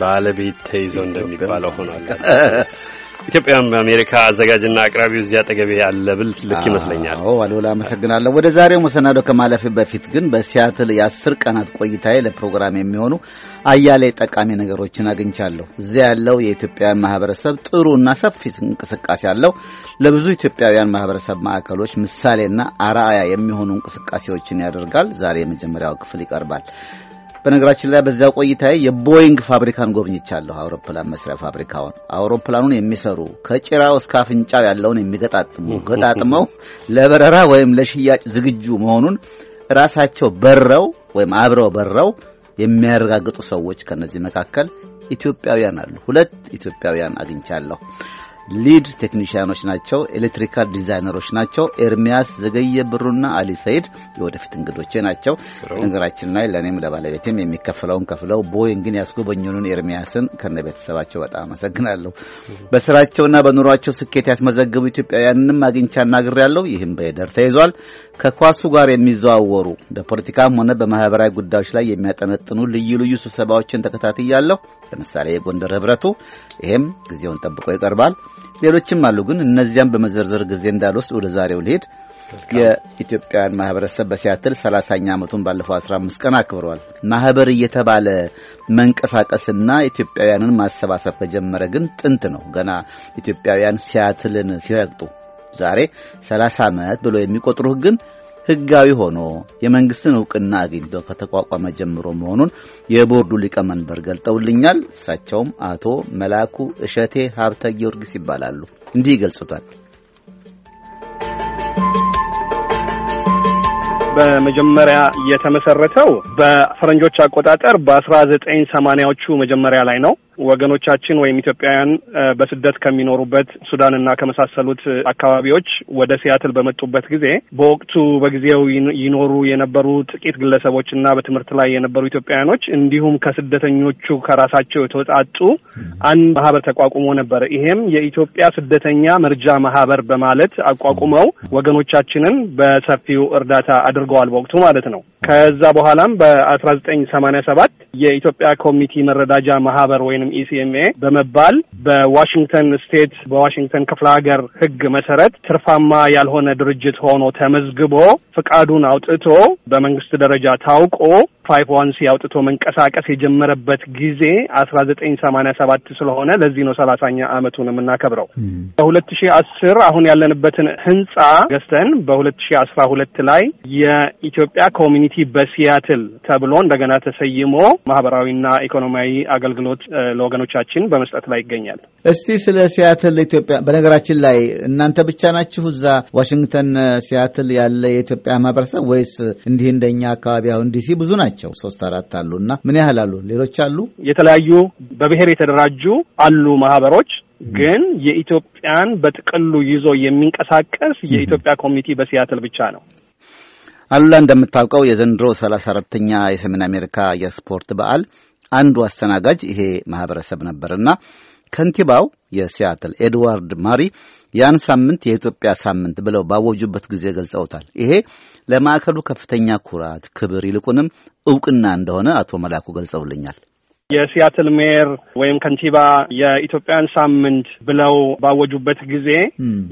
ባለቤት ተይዞ እንደሚባለው ሆኗል። ኢትዮጵያ በአሜሪካ አዘጋጅና አቅራቢው እዚያ አጠገብ ያለ ብል ልክ ይመስለኛል። አዎ አሉላ፣ አመሰግናለሁ። ወደ ዛሬው መሰናዶ ከማለፍ በፊት ግን በሲያትል የአስር ቀናት ቆይታዬ ለፕሮግራም የሚሆኑ አያሌ ጠቃሚ ነገሮችን አግኝቻለሁ። እዚያ ያለው የኢትዮጵያውያን ማህበረሰብ ጥሩና ሰፊ እንቅስቃሴ አለው። ለብዙ ኢትዮጵያውያን ማህበረሰብ ማዕከሎች ምሳሌና አርአያ የሚሆኑ እንቅስቃሴዎችን ያደርጋል። ዛሬ የመጀመሪያው ክፍል ይቀርባል። በነገራችን ላይ በዚያ ቆይታ የቦይንግ ፋብሪካን ጎብኝቻለሁ። አውሮፕላን መስሪያ ፋብሪካውን አውሮፕላኑን የሚሰሩ ከጭራው እስከ አፍንጫው ያለውን የሚገጣጥሙ ገጣጥመው ለበረራ ወይም ለሽያጭ ዝግጁ መሆኑን ራሳቸው በረው ወይም አብረው በረው የሚያረጋግጡ ሰዎች ከነዚህ መካከል ኢትዮጵያውያን አሉ። ሁለት ኢትዮጵያውያን አግኝቻለሁ። ሊድ ቴክኒሽያኖች ናቸው። ኤሌክትሪካል ዲዛይነሮች ናቸው። ኤርሚያስ ዘገየ ብሩና አሊ ሰይድ የወደፊት እንግዶቼ ናቸው። ነገራችን ላይ ለእኔም ለባለቤቴም የሚከፍለውን ከፍለው ቦይንግን ያስጎበኙንን ኤርሚያስን ከነ ቤተሰባቸው በጣም አመሰግናለሁ። በስራቸውና በኑሯቸው ስኬት ያስመዘገቡ ኢትዮጵያውያንንም አግኝቻ አናግሬያለሁ። ይህም በሄደር ተይዟል። ከኳሱ ጋር የሚዘዋወሩ በፖለቲካም ሆነ በማህበራዊ ጉዳዮች ላይ የሚያጠነጥኑ ልዩ ልዩ ስብሰባዎችን ተከታትያለሁ። ለምሳሌ የጎንደር ህብረቱ፣ ይሄም ጊዜውን ጠብቆ ይቀርባል። ሌሎችም አሉ፣ ግን እነዚያም በመዘርዘር ጊዜ እንዳልወስድ ወደ ዛሬው ልሄድ። የኢትዮጵያውያን ማህበረሰብ በሲያትል ሰላሳኛ ዓመቱን ባለፈው 15 ቀን አክብሯል። ማህበር እየተባለ መንቀሳቀስና ኢትዮጵያውያንን ማሰባሰብ ከጀመረ ግን ጥንት ነው። ገና ኢትዮጵያውያን ሲያትልን ሲረግጡ ዛሬ 30 ዓመት ብሎ የሚቆጥሩ ግን ህጋዊ ሆኖ የመንግስትን እውቅና አግኝቶ ከተቋቋመ ጀምሮ መሆኑን የቦርዱ ሊቀመንበር ገልጠውልኛል። እሳቸውም አቶ መላኩ እሸቴ ሀብተ ጊዮርጊስ ይባላሉ። እንዲህ ይገልጹታል። በመጀመሪያ የተመሰረተው በፈረንጆች አቆጣጠር በአስራ ዘጠኝ ሰማንያዎቹ መጀመሪያ ላይ ነው። ወገኖቻችን ወይም ኢትዮጵያውያን በስደት ከሚኖሩበት ሱዳንና ከመሳሰሉት አካባቢዎች ወደ ሲያትል በመጡበት ጊዜ በወቅቱ በጊዜው ይኖሩ የነበሩ ጥቂት ግለሰቦችና በትምህርት ላይ የነበሩ ኢትዮጵያውያኖች እንዲሁም ከስደተኞቹ ከራሳቸው የተወጣጡ አንድ ማህበር ተቋቁሞ ነበር። ይሄም የኢትዮጵያ ስደተኛ መርጃ ማህበር በማለት አቋቁመው ወገኖቻችንን በሰፊው እርዳታ አድርገዋል። በወቅቱ ማለት ነው። ከዛ በኋላም በአስራ ዘጠኝ ሰማኒያ ሰባት የኢትዮጵያ ኮሚቲ መረዳጃ ማህበር ወይም ኢሲኤምኤ በመባል በዋሽንግተን ስቴት በዋሽንግተን ክፍለ ሀገር ህግ መሰረት ትርፋማ ያልሆነ ድርጅት ሆኖ ተመዝግቦ ፍቃዱን አውጥቶ በመንግስት ደረጃ ታውቆ ፋይቭ ዋን ሲ አውጥቶ መንቀሳቀስ የጀመረበት ጊዜ አስራ ዘጠኝ ሰማኒያ ሰባት ስለሆነ ለዚህ ነው ሰላሳኛ አመቱን የምናከብረው። በሁለት ሺ አስር አሁን ያለንበትን ህንጻ ገዝተን በሁለት ሺ አስራ ሁለት ላይ የኢትዮጵያ ኮሚኒቲ በሲያትል ተብሎ እንደገና ተሰይሞ ማህበራዊና ኢኮኖሚያዊ አገልግሎት ለወገኖቻችን በመስጠት ላይ ይገኛል። እስቲ ስለ ሲያትል ኢትዮጵያ በነገራችን ላይ እናንተ ብቻ ናችሁ እዛ ዋሽንግተን ሲያትል ያለ የኢትዮጵያ ማህበረሰብ ወይስ እንዲህ እንደኛ አካባቢ አሁን ዲሲ ብዙ ናቸው? ናቸው። ሶስት አራት አሉ እና ምን ያህል አሉ? ሌሎች አሉ፣ የተለያዩ በብሔር የተደራጁ አሉ ማህበሮች ግን የኢትዮጵያን በጥቅሉ ይዞ የሚንቀሳቀስ የኢትዮጵያ ኮሚኒቲ በሲያትል ብቻ ነው። አሉላ እንደምታውቀው የዘንድሮ ሰላሳ አራተኛ የሰሜን አሜሪካ የስፖርት በዓል አንዱ አስተናጋጅ ይሄ ማህበረሰብ ነበርና ከንቲባው የሲያትል ኤድዋርድ ማሪ ያን ሳምንት የኢትዮጵያ ሳምንት ብለው ባወጁበት ጊዜ ገልጸውታል። ይሄ ለማዕከሉ ከፍተኛ ኩራት፣ ክብር ይልቁንም እውቅና እንደሆነ አቶ መላኩ ገልጸውልኛል። የሲያትል ሜየር ወይም ከንቲባ የኢትዮጵያን ሳምንት ብለው ባወጁበት ጊዜ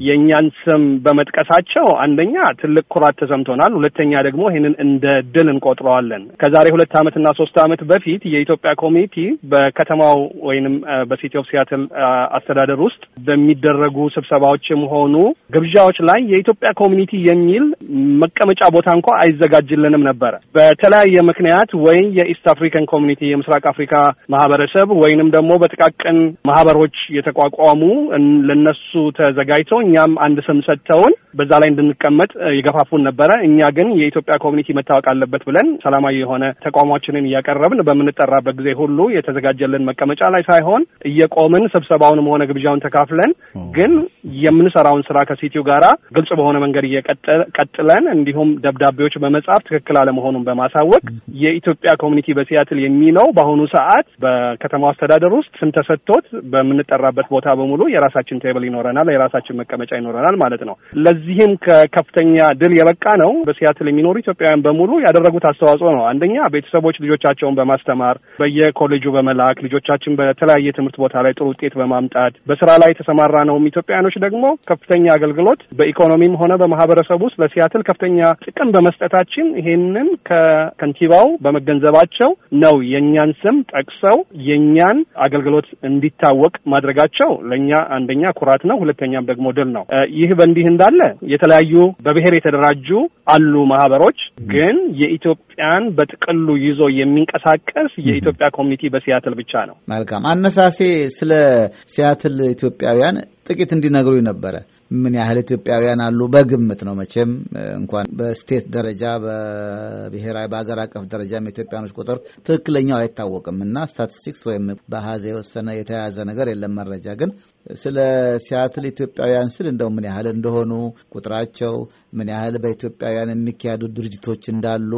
የእኛን ስም በመጥቀሳቸው አንደኛ ትልቅ ኩራት ተሰምቶናል። ሁለተኛ ደግሞ ይህንን እንደ ድል እንቆጥረዋለን። ከዛሬ ሁለት ዓመትና ሶስት ዓመት በፊት የኢትዮጵያ ኮሚቲ በከተማው ወይንም በሲቲ ኦፍ ሲያትል አስተዳደር ውስጥ በሚደረጉ ስብሰባዎችም ሆኑ ግብዣዎች ላይ የኢትዮጵያ ኮሚኒቲ የሚል መቀመጫ ቦታ እንኳ አይዘጋጅልንም ነበረ። በተለያየ ምክንያት ወይ የኢስት አፍሪካን ኮሚኒቲ የምስራቅ አፍሪካ ማህበረሰብ ወይንም ደግሞ በጥቃቅን ማህበሮች የተቋቋሙ ለነሱ ተዘጋጅተው እኛም አንድ ስም ሰጥተውን በዛ ላይ እንድንቀመጥ የገፋፉን ነበረ። እኛ ግን የኢትዮጵያ ኮሚኒቲ መታወቅ አለበት ብለን ሰላማዊ የሆነ ተቋማችንን እያቀረብን በምንጠራበት ጊዜ ሁሉ የተዘጋጀልን መቀመጫ ላይ ሳይሆን እየቆምን ስብሰባውንም ሆነ ግብዣውን ተካፍለን ግን የምንሰራውን ስራ ከሲቲው ጋራ ግልጽ በሆነ መንገድ እየቀጥለን እንዲሁም ደብዳቤዎች በመጻፍ ትክክል አለመሆኑን በማሳወቅ የኢትዮጵያ ኮሚኒቲ በሲያትል የሚለው በአሁኑ ሰዓት ሰዓት በከተማው አስተዳደር ውስጥ ስም ተሰጥቶት በምንጠራበት ቦታ በሙሉ የራሳችን ቴብል ይኖረናል፣ የራሳችን መቀመጫ ይኖረናል ማለት ነው። ለዚህም ከከፍተኛ ድል የበቃ ነው። በሲያትል የሚኖሩ ኢትዮጵያውያን በሙሉ ያደረጉት አስተዋጽኦ ነው። አንደኛ ቤተሰቦች ልጆቻቸውን በማስተማር በየኮሌጁ በመላክ ልጆቻችን በተለያየ ትምህርት ቦታ ላይ ጥሩ ውጤት በማምጣት በስራ ላይ የተሰማራ ነውም ኢትዮጵያውያኖች ደግሞ ከፍተኛ አገልግሎት በኢኮኖሚም ሆነ በማህበረሰብ ውስጥ ለሲያትል ከፍተኛ ጥቅም በመስጠታችን ይሄንን ከከንቲባው በመገንዘባቸው ነው የእኛን ስም ጠቅሰው የእኛን አገልግሎት እንዲታወቅ ማድረጋቸው ለእኛ አንደኛ ኩራት ነው፣ ሁለተኛም ደግሞ ድል ነው። ይህ በእንዲህ እንዳለ የተለያዩ በብሔር የተደራጁ አሉ ማህበሮች ግን የኢትዮጵያን በጥቅሉ ይዞ የሚንቀሳቀስ የኢትዮጵያ ኮሚኒቲ በሲያትል ብቻ ነው። መልካም አነሳሴ ስለ ሲያትል ኢትዮጵያውያን ጥቂት እንዲነግሩኝ ነበረ። ምን ያህል ኢትዮጵያውያን አሉ? በግምት ነው መቼም እንኳን በስቴት ደረጃ በብሔራዊ በሀገር አቀፍ ደረጃ የኢትዮጵያኖች ቁጥር ትክክለኛው አይታወቅም እና ስታቲስቲክስ ወይም በሀዘ የወሰነ የተያያዘ ነገር የለም። መረጃ ግን ስለ ሲያትል ኢትዮጵያውያን ስል እንደው ምን ያህል እንደሆኑ ቁጥራቸው፣ ምን ያህል በኢትዮጵያውያን የሚካሄዱ ድርጅቶች እንዳሉ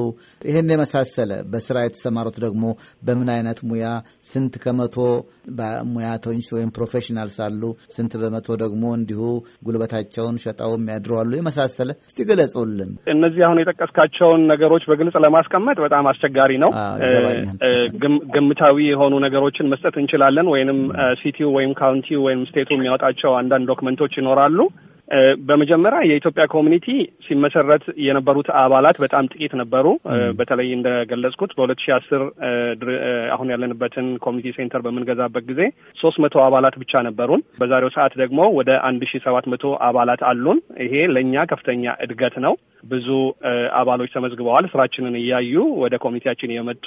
ይህን የመሳሰለ በስራ የተሰማሩት ደግሞ በምን አይነት ሙያ ስንት ከመቶ ሙያተኞች ወይም ፕሮፌሽናልስ አሉ፣ ስንት በመቶ ደግሞ እንዲሁ ጉልበታቸውን ሸጠው የሚያድረዋሉ የመሳሰለ እስቲ ገለጹልን። እነዚህ አሁን የጠቀስካቸውን ነገሮች በግልጽ ለማስቀመጥ በጣም አስቸጋሪ ነው። ግምታዊ የሆኑ ነገሮችን መስጠት እንችላለን፣ ወይንም ሲቲው ወይም ካውንቲው ወይም ስቴቱ የሚያወጣቸው አንዳንድ ዶክመንቶች ይኖራሉ። በመጀመሪያ የኢትዮጵያ ኮሚኒቲ ሲመሰረት የነበሩት አባላት በጣም ጥቂት ነበሩ። በተለይ እንደገለጽኩት በሁለት ሺ አስር አሁን ያለንበትን ኮሚኒቲ ሴንተር በምንገዛበት ጊዜ ሶስት መቶ አባላት ብቻ ነበሩን። በዛሬው ሰዓት ደግሞ ወደ አንድ ሺ ሰባት መቶ አባላት አሉን። ይሄ ለእኛ ከፍተኛ እድገት ነው። ብዙ አባሎች ተመዝግበዋል። ስራችንን እያዩ ወደ ኮሚኒቲያችን የመጡ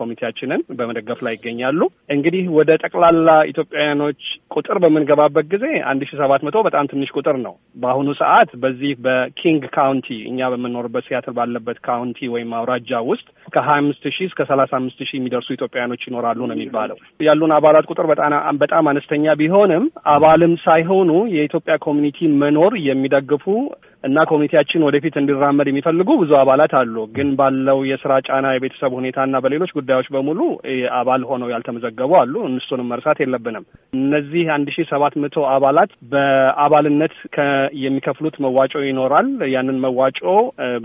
ኮሚኒቲያችንን በመደገፍ ላይ ይገኛሉ። እንግዲህ ወደ ጠቅላላ ኢትዮጵያውያኖች ቁጥር በምንገባበት ጊዜ አንድ ሺ ሰባት መቶ በጣም ትንሽ ቁጥር ነው። ነው። በአሁኑ ሰዓት በዚህ በኪንግ ካውንቲ እኛ በምንኖርበት ሲያትል ባለበት ካውንቲ ወይም አውራጃ ውስጥ ከሀያ አምስት ሺህ እስከ ሰላሳ አምስት ሺህ የሚደርሱ ኢትዮጵያውያኖች ይኖራሉ ነው የሚባለው። ያሉን አባላት ቁጥር በጣም በጣም አነስተኛ ቢሆንም አባልም ሳይሆኑ የኢትዮጵያ ኮሚኒቲ መኖር የሚደግፉ እና ኮሚቴያችን ወደፊት እንዲራመድ የሚፈልጉ ብዙ አባላት አሉ። ግን ባለው የስራ ጫና፣ የቤተሰብ ሁኔታና በሌሎች ጉዳዮች በሙሉ አባል ሆነው ያልተመዘገቡ አሉ። እነሱንም መርሳት የለብንም። እነዚህ አንድ ሺ ሰባት መቶ አባላት በአባልነት የሚከፍሉት መዋጮ ይኖራል። ያንን መዋጮ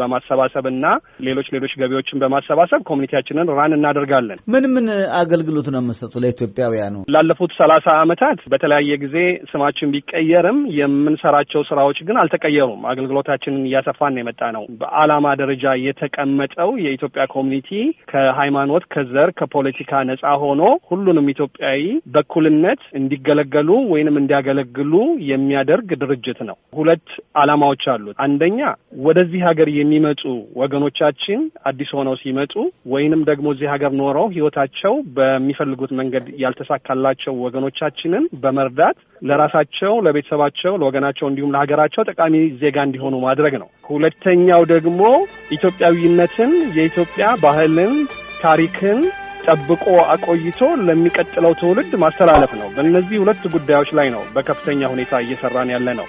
በማሰባሰብ እና ሌሎች ሌሎች ገቢዎችን በማሰባሰብ ኮሚኒቲያችንን ራን እናደርጋለን። ምን ምን አገልግሎት ነው የምንሰጡ ለኢትዮጵያውያኑ? ላለፉት ሰላሳ አመታት በተለያየ ጊዜ ስማችን ቢቀየርም የምንሰራቸው ስራዎች ግን አልተቀየሩም። አገልግሎታችንን እያሰፋን ነው የመጣ ነው። በዓላማ ደረጃ የተቀመጠው የኢትዮጵያ ኮሚኒቲ ከሃይማኖት፣ ከዘር፣ ከፖለቲካ ነጻ ሆኖ ሁሉንም ኢትዮጵያዊ በኩልነት እንዲገለገሉ ወይንም እንዲያገለግሉ የሚያደርግ ድርጅት ነው። ሁለት ዓላማዎች አሉት። አንደኛ ወደዚህ ሀገር የሚመጡ ወገኖቻችን አዲስ ሆነው ሲመጡ ወይንም ደግሞ እዚህ ሀገር ኖረው ህይወታቸው በሚፈልጉት መንገድ ያልተሳካላቸው ወገኖቻችንን በመርዳት ለራሳቸው፣ ለቤተሰባቸው፣ ለወገናቸው እንዲሁም ለሀገራቸው ጠቃሚ ዜጋ እንዲሆኑ ማድረግ ነው። ሁለተኛው ደግሞ ኢትዮጵያዊነትን፣ የኢትዮጵያ ባህልን፣ ታሪክን ጠብቆ አቆይቶ ለሚቀጥለው ትውልድ ማስተላለፍ ነው። በእነዚህ ሁለት ጉዳዮች ላይ ነው በከፍተኛ ሁኔታ እየሰራን ያለ ነው።